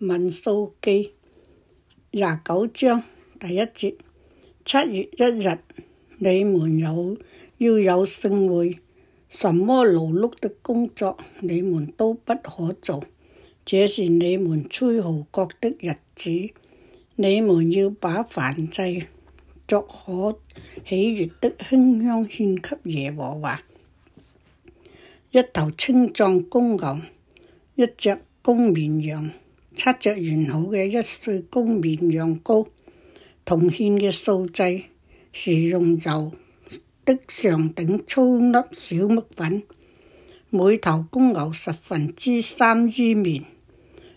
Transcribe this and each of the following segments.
民數記廿九章第一節：七月一日，你們有要有聖會，什麼勞碌的工作你們都不可做，這是你們吹號角的日子。你們要把燔祭作可喜悅的馨香獻給耶和華。一頭青壯公牛，一隻公綿羊。七隻完好嘅一歲公綿羊羔，同獻嘅素祭是用油的上頂粗粒小麥粉，每頭公牛十分之三衣面，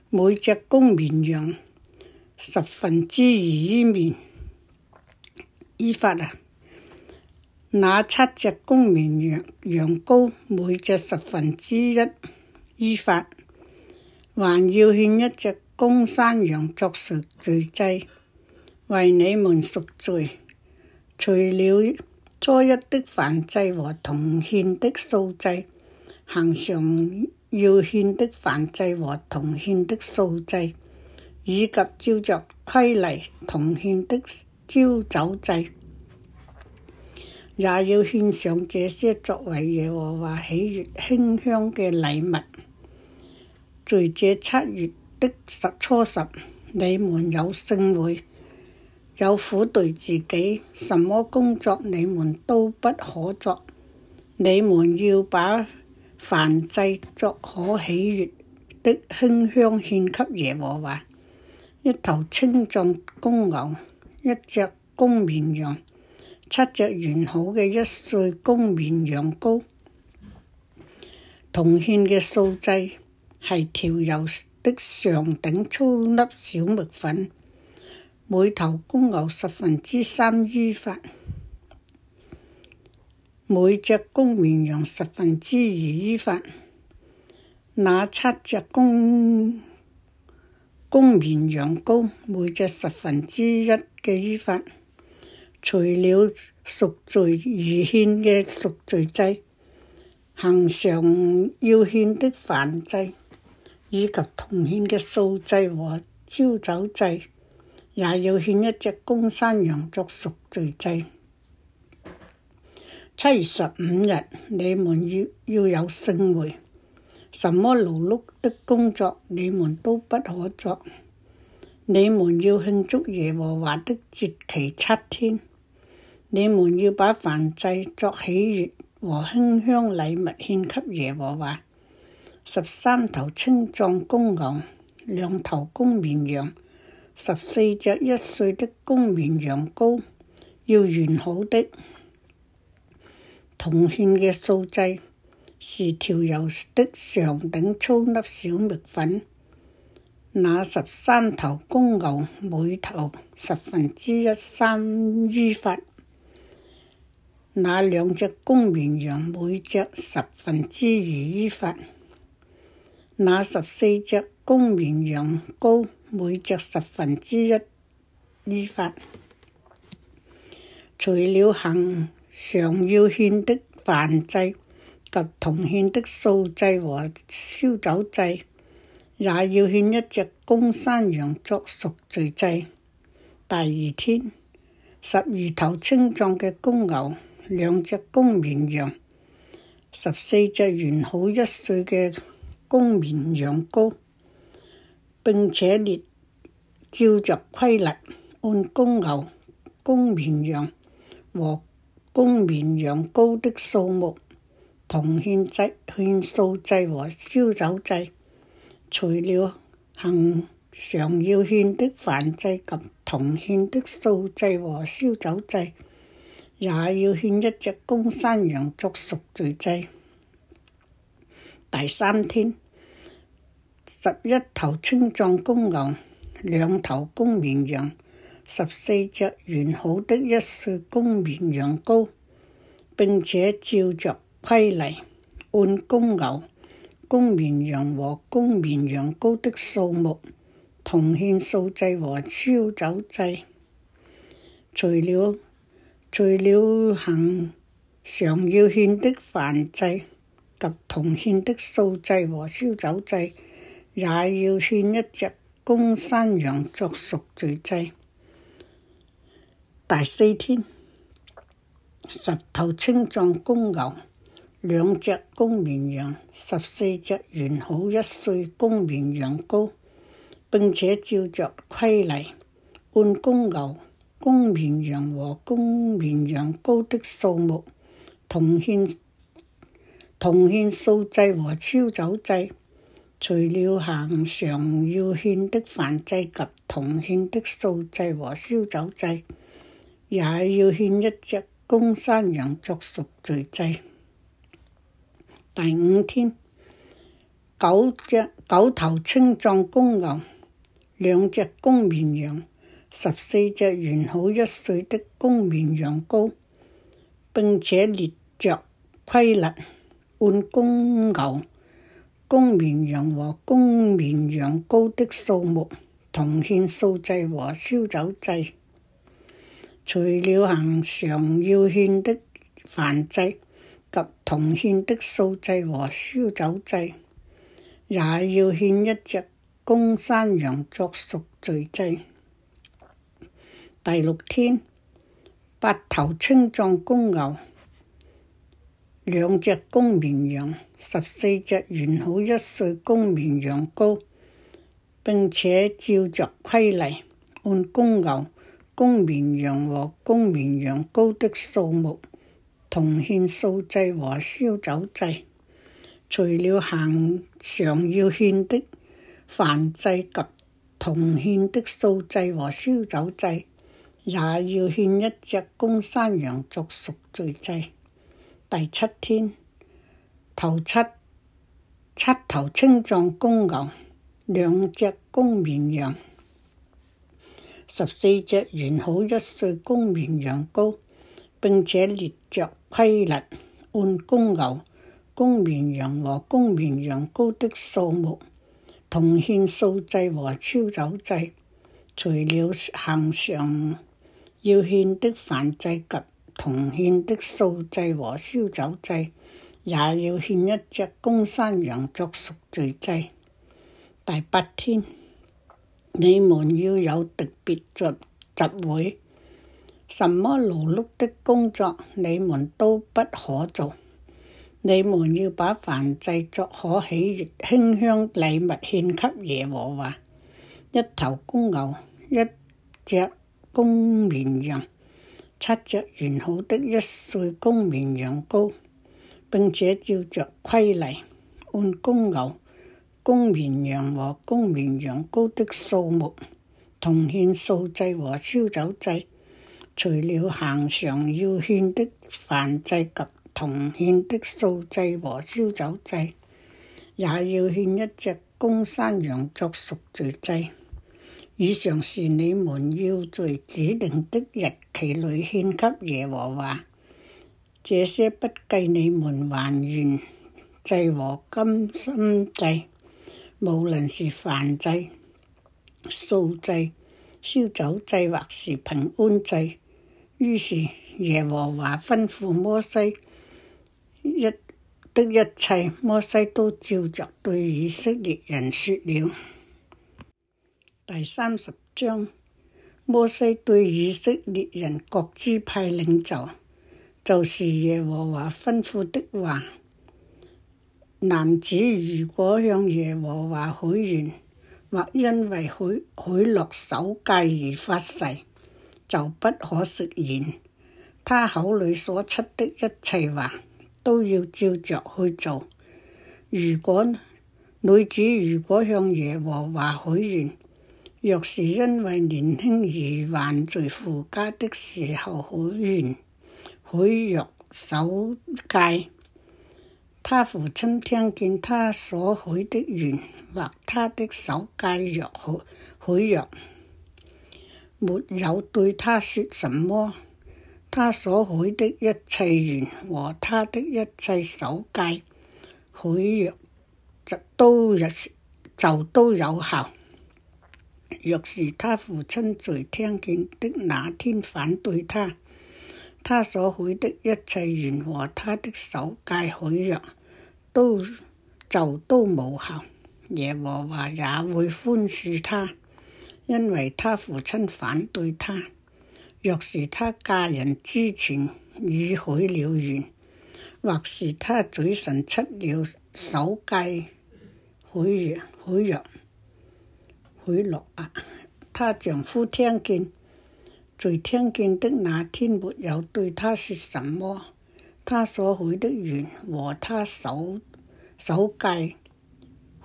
每隻公綿羊十分之二衣面，依法啊！那七隻公綿羊羊羔每隻十分之一依法。還要獻一隻公山羊作贖罪祭，為你們贖罪。除了初一的燔祭和同獻的素祭，恆常要獻的燔祭和同獻的素祭，以及照着規例同獻的澆酒祭，也要獻上這些作為耶和華喜悅馨香嘅禮物。在這七月的十初十，你們有聖會，有苦對自己，什麼工作你們都不可作。你們要把燔祭作可喜悅的馨香獻給耶和華：一頭青壯公牛，一隻公綿羊，七隻完好嘅一歲公綿羊羔，同獻嘅素祭。係條油的上等粗粒小麥粉，每頭公牛十分之三依法，每隻公綿羊十分之二依法，那七隻公公綿羊羔每隻十分之一嘅依法，除了贖罪而獻嘅贖罪祭，行上要獻的燔祭。以及同獻嘅素祭和焦酒祭，也要獻一隻公山羊作贖罪祭。七月十五日，你們要要有聖會，什麼勞碌的工作你們都不可作。你們要慶祝耶和華的節期七天。你們要把燔祭作喜悅和馨香禮物獻給耶和華。十三頭青壯公牛，兩頭公綿羊，十四隻一歲的公綿羊羔，要完好的。同獻嘅素祭是調油的上頂粗，粗粒小麥粉。那十三頭公牛每頭十分之一三伊法，那兩隻公綿羊每隻十分之二伊法。那十四隻公綿羊羔，每隻十分之一伊法。除了行常要獻的燔祭及同獻的素祭和燒酒祭，也要獻一隻公山羊作贖罪祭。第二天，十二頭青壯嘅公牛、兩隻公綿羊、十四隻完好一歲嘅。公綿羊羔，並且列照着規例，按公牛、公綿羊和公綿羊羔羔的數目，同獻祭、獻素祭和燒酒祭。除了恆常要獻的燔祭及同獻的素祭和燒酒祭，也要獻一隻公山羊作贖罪祭。第三天。十一頭青壯公牛，兩頭公綿羊，十四隻完好的一歲公綿羊羔。並且照着規例，按公牛、公綿羊和公綿羊羔的數目，同獻素祭和燒酒祭。除了除了恆常要獻的燔祭及同獻的素祭和燒酒祭。也要獻一隻公山羊作贖罪祭。第四天，十頭青壯公牛，兩隻公綿羊，十四隻完好一歲公綿羊羔。並且照着規例，按公牛、公綿羊和公綿羊羔的數目，同獻同獻素祭和超酒祭。除了行常要獻的燔祭及同獻的素祭和燒酒祭，也要獻一隻公山羊作贖罪祭。第五天，九隻九頭青藏公牛，兩隻公綿羊，十四隻完好一歲的公綿羊羔，並且列着規律按公牛。公綿羊和公綿羊羔的數目，同獻素祭和燒酒祭。除了行常要獻的燔祭及同獻的素祭和燒酒祭，也要獻一隻公山羊作贖罪祭。第六天，八頭青壯公牛。兩隻公綿羊，十四隻完好一歲公綿羊羔。並且照着規例，按公牛、公綿羊和公綿羊羔的數目，同獻素祭和燒酒祭。除了恆常要獻的燔祭及同獻的素祭和燒酒祭，也要獻一隻公山羊作贖罪祭。第七天，頭七七頭青壯公牛，兩隻公綿羊，十四隻完好一歲公綿羊羔。並且列着規律，按公牛、公綿羊和公綿羊羔的數目，同獻素祭和超走祭。除了行上要獻的燔祭及同獻的素祭和燒酒祭，也要獻一隻公山羊作贖罪祭。第八天，你們要有特別集集會，什麼勞碌的工作你們都不可做。你們要把燔祭作可喜馨香禮物獻給耶和華，一頭公牛，一隻公綿羊。七隻完好的一歲公綿羊羔，並且照着規例，按公牛、公綿羊和公綿羊羔的數目，同獻素祭和燒酒祭。除了恆常要獻的燔祭及同獻的素祭和燒酒祭，也要獻一隻公山羊作贖罪祭。以上是你們要在指定的日期裏獻給耶和華，這些不計你們還原祭和甘心祭，無論是燔祭、素祭、燒酒祭或是平安祭。於是耶和華吩咐摩西一的一切，摩西都照着對以色列人説了。第三十章：摩西對以色列人各支派領袖，就是耶和華吩咐的話。男子如果向耶和華許願，或因為許許諾守戒而發誓，就不可食言。他口裡所出的一切話，都要照着去做。如果女子如果向耶和華許願，若是因為年輕而還在父家的時候許願許約守戒，他父親聽見他所許的願或他的守戒約許許約，沒有對他說什麼，他所許的一切願和他的一切守戒許約就都就都有效。若是他父親在聽見的那天反對他，他所許的一切願和他的守戒許約都就都無效，耶和華也會寬恕他，因為他父親反對他。若是他嫁人之前已許了願，或是他嘴唇出了守戒許約許約。許諾啊！她丈夫聽見，在聽見的那天沒有對她說什麼，她所許的願和她守守戒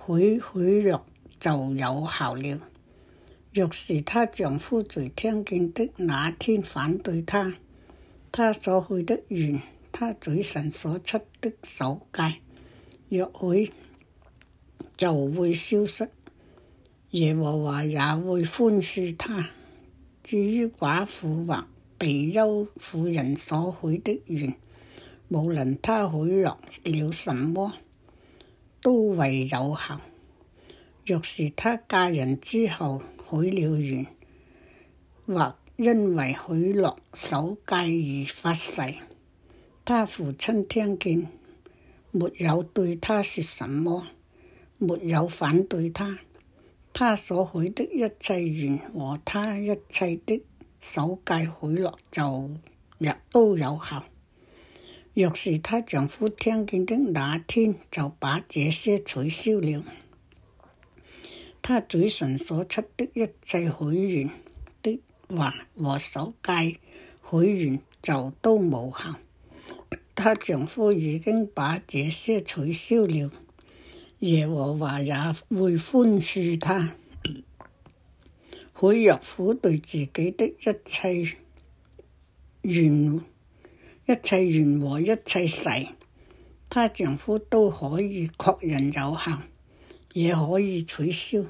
許許諾就有效了。若是她丈夫在聽見的那天反對她，她所許的願，她嘴唇所出的守戒，若許就會消失。耶和華也會寬恕他。至於寡婦或被休婦人所許的願，無論他許諾了什麼，都為有效。若是他嫁人之後許了願，或因為許諾守戒而發誓，他父親聽見，沒有對他說什麼，沒有反對他。她所許的一切願和她一切的守戒許諾就都有效。若是她丈夫聽見的那天，就把這些取消了。她嘴唇所出的一切許願的話和守戒許願就都無效。她丈夫已經把這些取消了。耶和華也會寬恕他，許若婦對自己的一切願、一切願和一切誓，她丈夫都可以確認有效，也可以取消。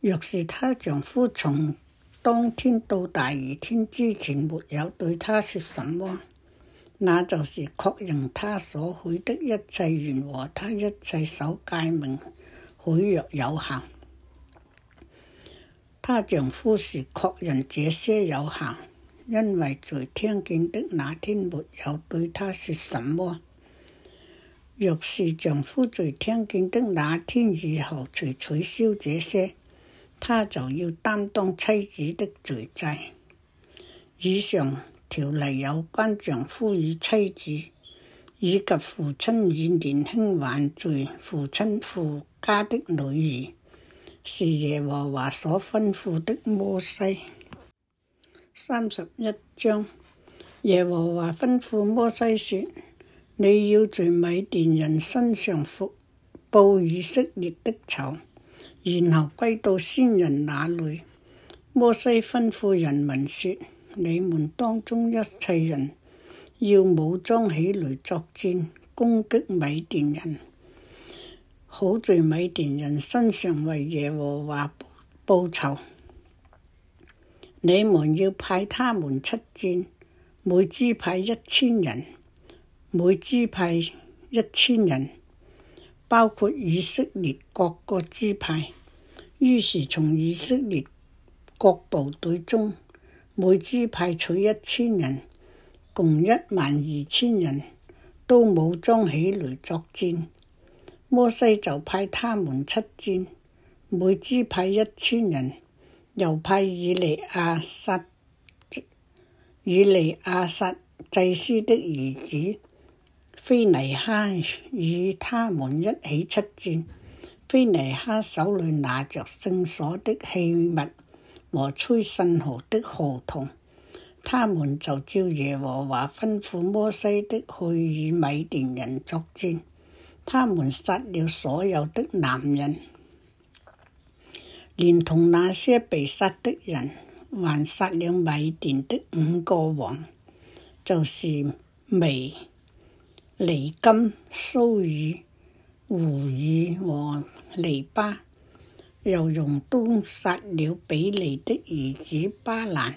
若是她丈夫從當天到第二天之前沒有對她說什麼。那就是確認他所許的一切願和他一切所界名許約有效。她丈夫是確認這些有限，因為在聽見的那天沒有對她說什麼。若是丈夫在聽見的那天以後才取消這些，他就要擔當妻子的罪債。以上。條例有關丈夫與妻子，以及父親與年輕還在父親父家的女兒，是耶和華所吩咐的摩西。三十一章，耶和華吩咐摩西說：你要在米甸人身上復報以色列的仇，然後歸到先人那裏。摩西吩咐人民說。你們當中一切人要武裝起來作戰，攻擊米甸人，好在米甸人身上為耶和華報仇。你們要派他們出戰，每支派一千人，每支派一千人，包括以色列各個支派。於是從以色列各部隊中。每支派取一千人，共一萬二千人，都武裝起來作戰。摩西就派他們出戰，每支派一千人，又派以利亞撒、以利亞撒祭司的兒子非尼哈與他們一起出戰。非尼哈手裏拿着聖所的器物。和吹信號的合同，他們就照耶和華吩咐摩西的去與米甸人作戰。他們殺了所有的男人，連同那些被殺的人，還殺了米甸的五個王，就是微、尼金、蘇爾、胡爾和尼巴。又用刀殺了比利的兒子巴蘭。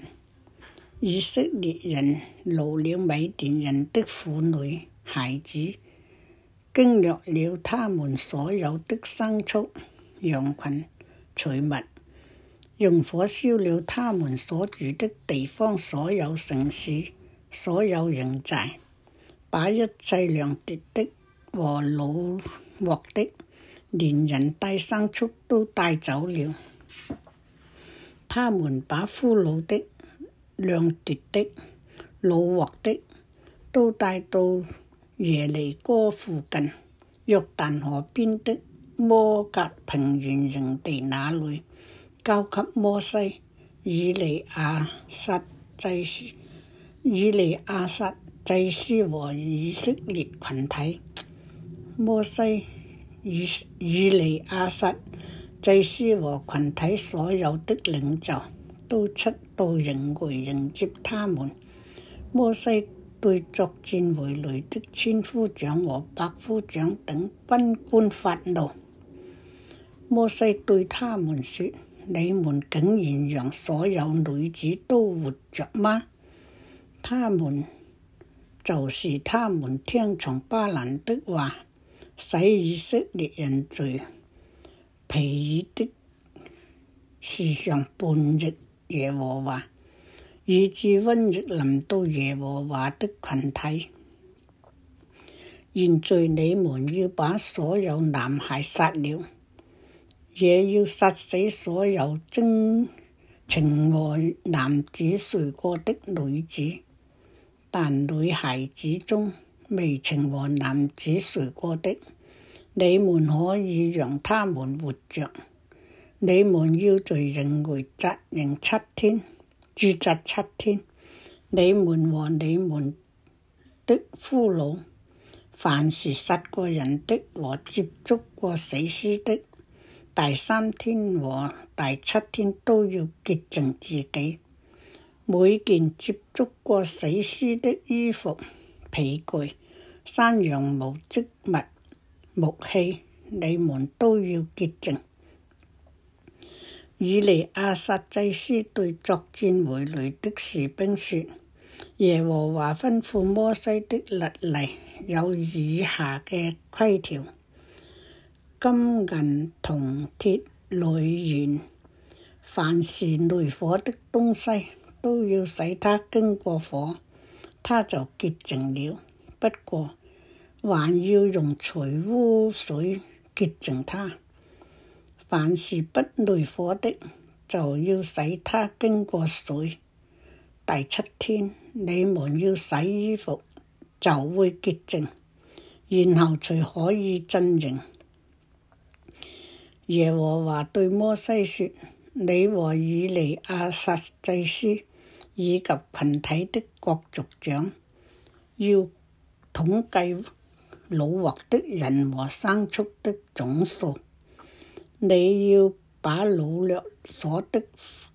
以色列人擄了米甸人的婦女孩子，驚掠了他們所有的牲畜、羊群、財物，用火燒了他們所住的地方、所有城市、所有營寨，把一切良奪的和老獲的。連人帶牲畜都帶走了。他們把俘虜的、掠奪的、擄獲的，都帶到耶利哥附近約旦河邊的摩格平原營地那裡，交給摩西、以利亞、撒祭司、以利亞撒祭司和以色列群體。摩西。以以利亞撒祭司和群體所有的領袖都出到營外迎接他們。摩西對作戰回來的千夫長和百夫長等軍官，官發怒。摩西對他們說：你們竟然讓所有女子都活着嗎？他們就是，他們聽從巴蘭的話。使以色列人罪毗珥的事上，叛逆耶和華，以致瘟疫臨到耶和華的群體。現在你們要把所有男孩殺了，也要殺死所有曾情愛男子睡過的女子，但女孩子中。未曾和男子睡過的，你們可以讓他們活着。你們要在營外紮營七天，駐紮七天。你們和你們的俘虜，凡是殺過人的和接觸過死屍的，第三天和第七天都要潔淨自己。每件接觸過死屍的衣服。皮具、山羊毛織物、木器，你們都要潔淨。以利亞撒祭司對作戰回來的士兵說，耶和華吩咐摩西的律例有以下嘅規條：金銀銅鐵鋁鉛，凡是耐火的東西，都要使它經過火。他就潔淨了，不過還要用除污水潔淨他。凡是不耐火的，就要使他經過水。第七天，你們要洗衣服，就會潔淨，然後才可以進營。耶和華對摩西說：你和以利亞撒祭司，以及群體的國族長要統計老獲的人和生畜的總數。你要把老掠所得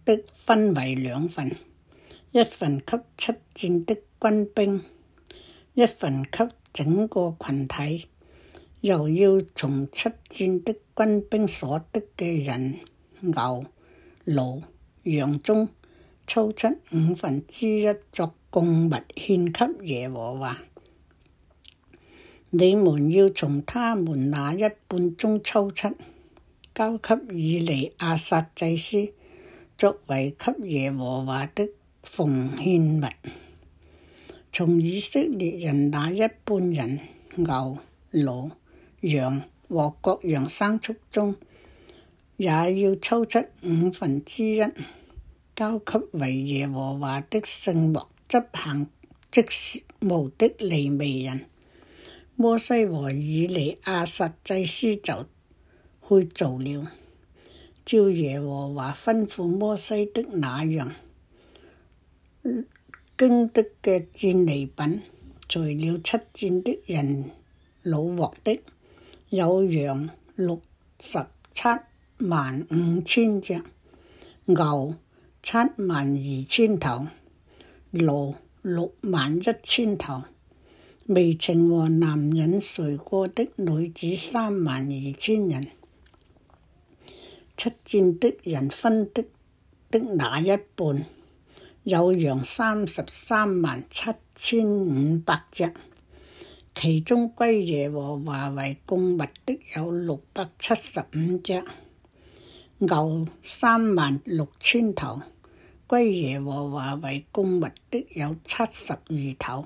的分為兩份，一份給出戰的軍兵，一份給整個群體。又要從出戰的軍兵所得的嘅人、牛、老羊中。抽出五分之一作貢物獻給耶和華，你們要從他們那一半中抽出，交給以利亞撒祭司，作為給耶和華的奉獻物。從以色列人那一半人、牛、驢羊和各樣牲畜中，也要抽出五分之一。交給為耶和華的聖幕執行職務的利未人。摩西和以利亞撒祭司就去做了，照耶和華吩咐摩西的那樣。經的腳戰利品，除了出戰的人擄獲的，有羊六十七萬五千隻，牛，七萬二千頭，驢六萬一千頭，未曾和男人睡過的女子三萬二千人，出戰的人分的的那一半，有羊三十三萬七千五百隻，其中歸耶和華為貢物的有六百七十五隻，牛三萬六千頭。歸耶和華為貢物的有七十二頭，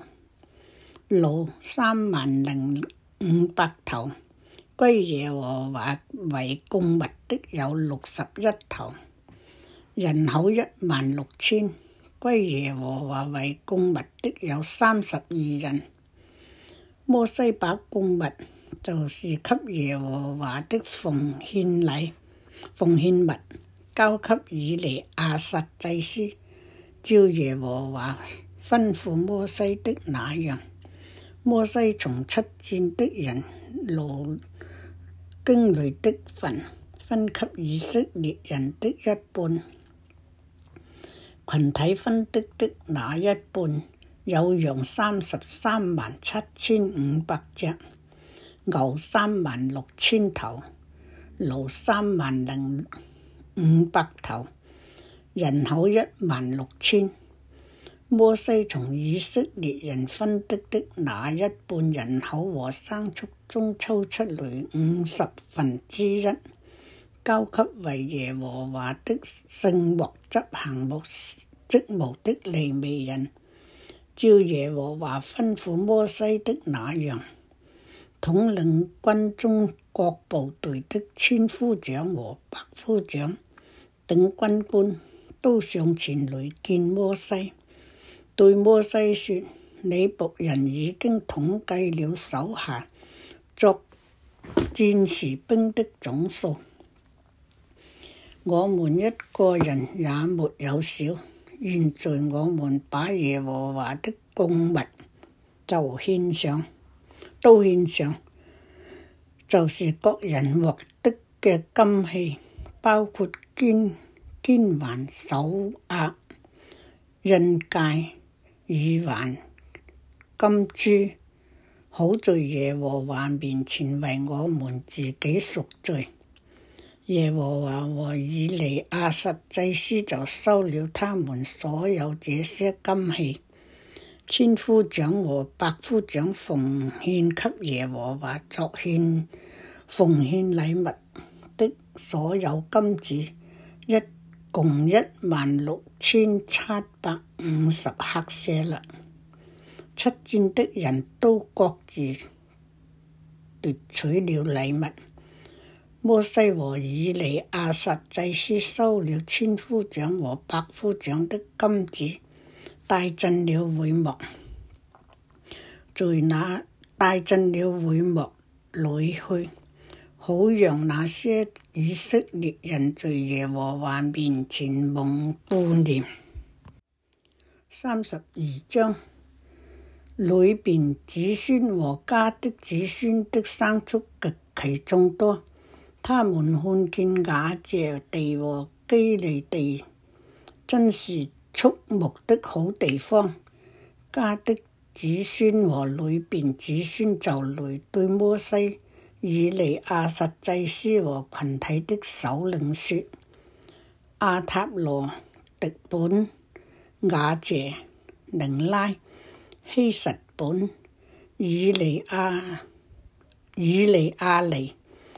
驢三萬零五百頭。歸耶和華為貢物的有六十一頭，人口一萬六千。歸耶和華為貢物的有三十二人。摩西把貢物就是給耶和華的奉獻禮、奉獻物。交給以利亞撒祭司，照耶和華吩咐摩西的那樣，摩西從出戰的人路經雷的份分給以色列人的一半，群體分的的那一半，有羊三十三萬七千五百隻，牛三萬六千頭，驢三萬零。五百頭，人口一萬六千。摩西從以色列人分得的的那一半人口和牲畜中抽出來五十分之一，交給為耶和華的聖幕執行目職務的的利未人，照耶和華吩咐摩西的那樣，統領軍中各部隊的千夫長和百夫長。等軍官都上前來見摩西，對摩西說：你僕人已經統計了手下作戰士兵的總數，我們一個人也沒有少。現在我們把耶和華的供物就獻上，都獻上，就是各人獲得嘅金器，包括。肩肩環、還手鐲、印戒、耳環、金珠，好在耶和華面前為我們自己贖罪。耶和華和以利亞實祭司就收了他們所有這些金器、千夫長和百夫長奉獻給耶和華作獻奉獻禮物的所有金子。一共一萬六千七百五十克舍勒，出戰的人都各自奪取了禮物。摩西和以利亞撒祭司收了千夫長和百夫長的金子，帶進了會幕，在那帶進了會幕裡去。好讓那些以色列人在耶和華面前蒙顧念。三十二章裏邊子孫和家的子孫的牲畜極其眾多，他們看見雅謝地和基利地真是畜牧的好地方，家的子孫和裏邊子孫就來對摩西。以利亞實祭司和群體的首領說：阿塔羅、迪本、亞謝、寧拉、希實本、以利亞、以利亞利、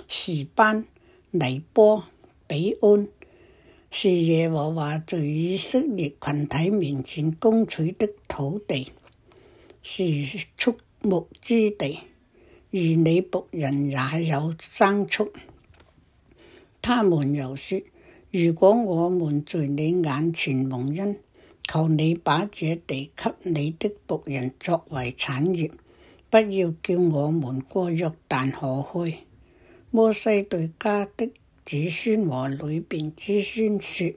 士班、尼波、比安，是耶和華在以色列群體面前攻取的土地，是畜牧之地。而你僕人也有牲畜，他們又說：如果我們在你眼前蒙恩，求你把這地給你的僕人作為產業，不要叫我們過約旦河去。摩西對迦得子孫和流便子孫說：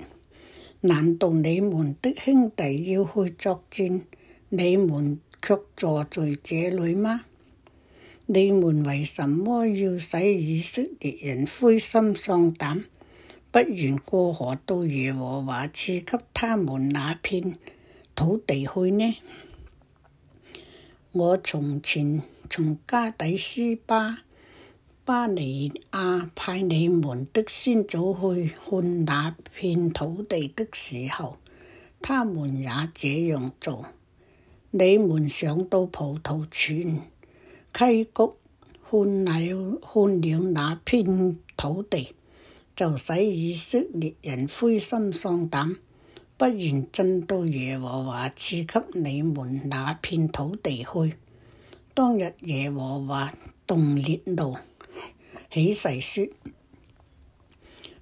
難道你們的兄弟要去作戰，你們卻坐在這裏嗎？你們為什麼要使以色列人灰心喪膽？不願過河到耶和華賜給他們那片土地去呢？我從前從加底斯巴巴尼亞派你們的先祖去看那片土地的時候，他們也這樣做。你們想到葡萄園溪谷看你看了那片土地，就使以色列人灰心喪膽，不然進到耶和華賜給你們那片土地去。當日耶和華動烈怒，起誓說：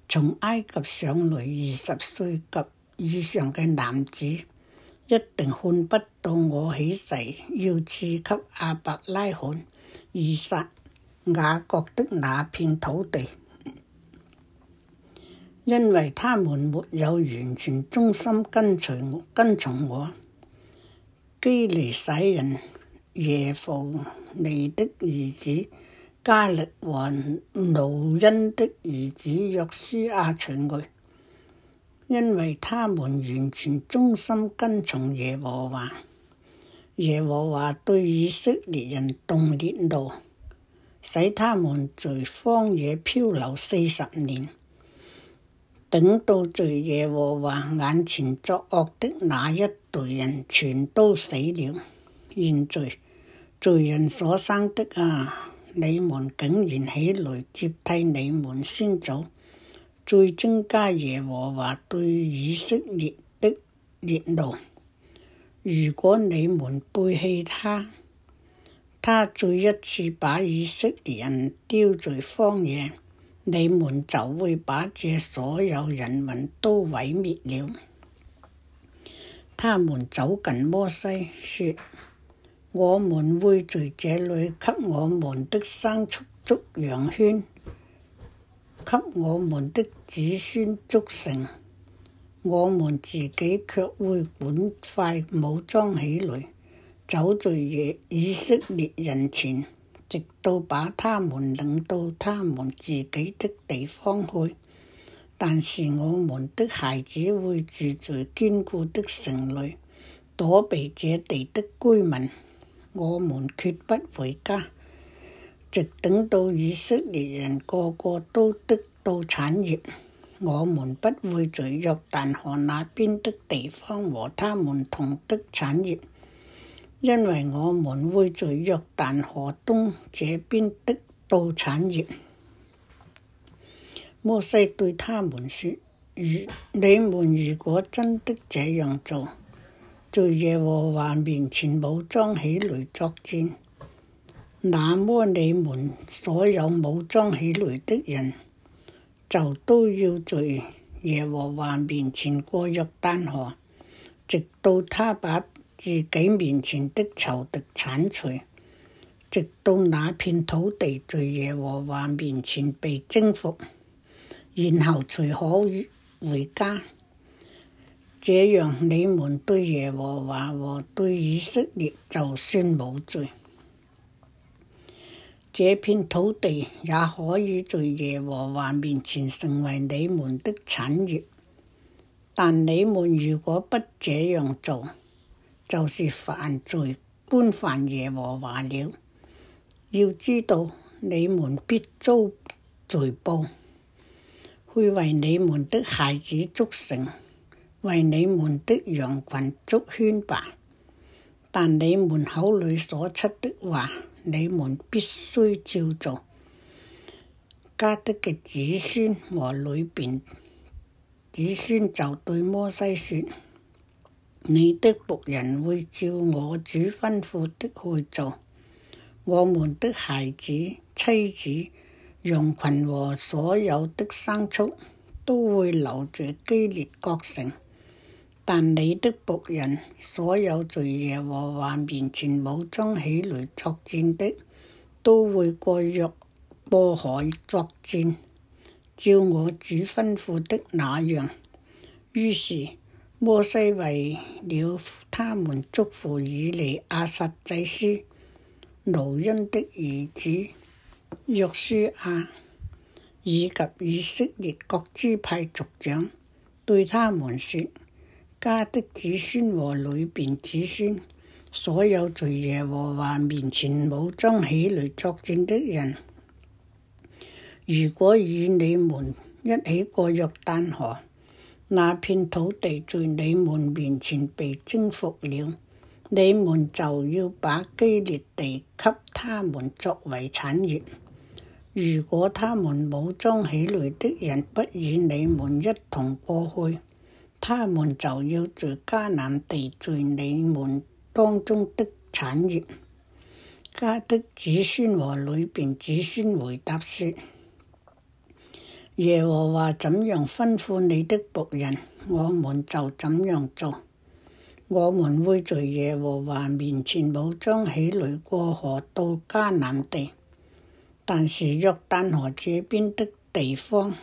從埃及上來二十歲及以上嘅男子。一定看不到我起誓要賜給亞伯拉罕、以撒、雅各的那片土地，因為他們沒有完全忠心跟隨我，跟從我。基尼洗人耶弗尼的兒子加利和努恩的兒子約書亞除外。因為他們完全忠心跟從耶和華，耶和華對以色列人動烈怒，使他們在荒野漂流四十年，等到在耶和華眼前作惡的那一代人全都死了。現在罪人所生的啊，你們竟然起來接替你們先祖！再增加耶和華對以色列的烈怒，如果你們背棄他，他再一次把以色列人丟在荒野，你們就會把這所有人民都毀滅了。他們走近摩西，說：我們會在這裡給我們的牲畜築羊圈。給我們的子孫築城，我們自己卻會趕快武裝起來，走在耶以色列人前，直到把他們領到他們自己的地方去。但是我們的孩子會住在堅固的城裏，躲避這地的居民。我們決不回家。直等到以色列人個個都得到產業，我們不會在約旦河那邊的地方和他們同的產業，因為我們會在約旦河東這邊得到產業。摩西對他們說：如你們如果真的這樣做，在耶和華面前武裝起來作戰。那麼你們所有武裝起來的人，就都要在耶和華面前過約但河，直到他把自己面前的仇敵剷除，直到那片土地在耶和華面前被征服，然後才可以回家。這樣你們對耶和華和對以色列就算冇罪。這片土地也可以在耶和華面前成為你們的產業，但你們如果不這樣做，就是犯罪，干犯耶和華了。要知道你們必遭罪報，去為你們的孩子築城，為你們的羊群築圈吧。但你們口裡所出的話，你們必須照做。迦得嘅子孫和呂便子孫就對摩西說：你的僕人會照我主吩咐的去做，我們的孩子、妻子、羊群和所有的牲畜都會留着基列各城。但你的僕人所有在耶和華面前武裝起來作戰的，都會過約波海作戰，照我主吩咐的那樣。於是摩西為了他們祝福以利亞撒祭司、勞恩的兒子約書亞，以及以色列各支派族長，對他們說。家的子孫和裏邊子孫，所有在耶和華面前武裝起來作戰的人，如果與你們一起過約旦河，那片土地在你們面前被征服了，你們就要把基列地給他們作為產業。如果他們武裝起來的人不與你們一同過去，他們就要在迦南地在你們當中的產業。迦得子孫和呂便子孫回答說：耶和華怎樣吩咐你的僕人，我們就怎樣做。我們會在耶和華面前武裝起來過河到迦南地，但是約旦河這邊的地方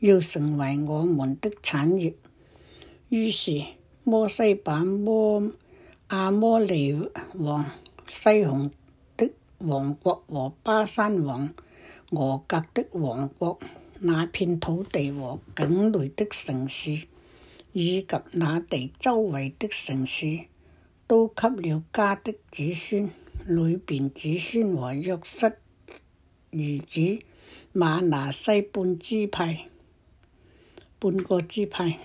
要成為我們的產業。於是摩西把摩亞、啊、摩利王西宏的王國和巴珊王俄格的王國，那片土地和境內的城市，以及那地周圍的城市，都給了迦得子孫、流便子孫和約瑟兒子瑪拿西半支派，半個支派。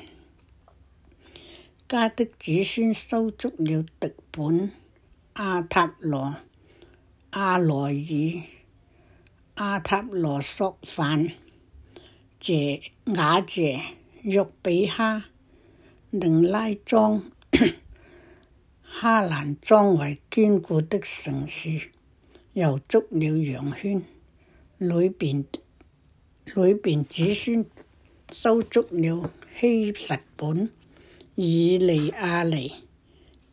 家的子孫收足了迪本、阿塔羅、阿羅爾、阿塔羅索凡、謝雅謝、玉比哈、寧拉莊、 哈蘭莊為堅固的城市，又足了羊圈裏邊，裏邊子孫收足了希實本、以利亞利、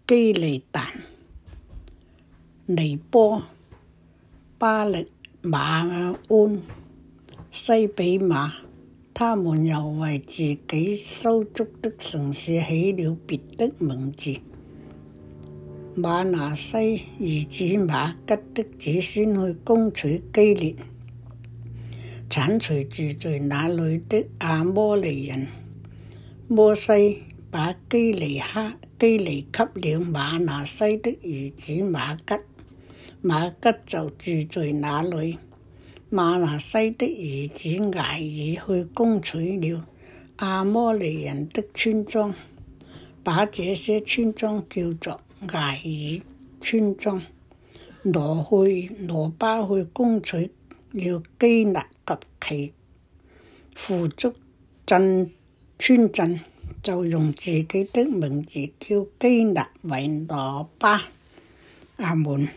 基利但、尼波、巴力馬亞安、西比馬，他們又為自己收足的城市起了別的名字。馬拿西兒子馬吉的子孫去攻取基列，剷除住在那裏的亞摩利人。摩西。把基尼哈基尼給了馬拿西的兒子馬吉，馬吉就住在那裏。馬拿西的兒子艾爾去攻取了阿摩利人的村莊，把這些村莊叫做艾爾村莊，挪去挪巴去攻取了基納及其附屬鎮村鎮。就用自己的名字叫基納為挪巴，阿門。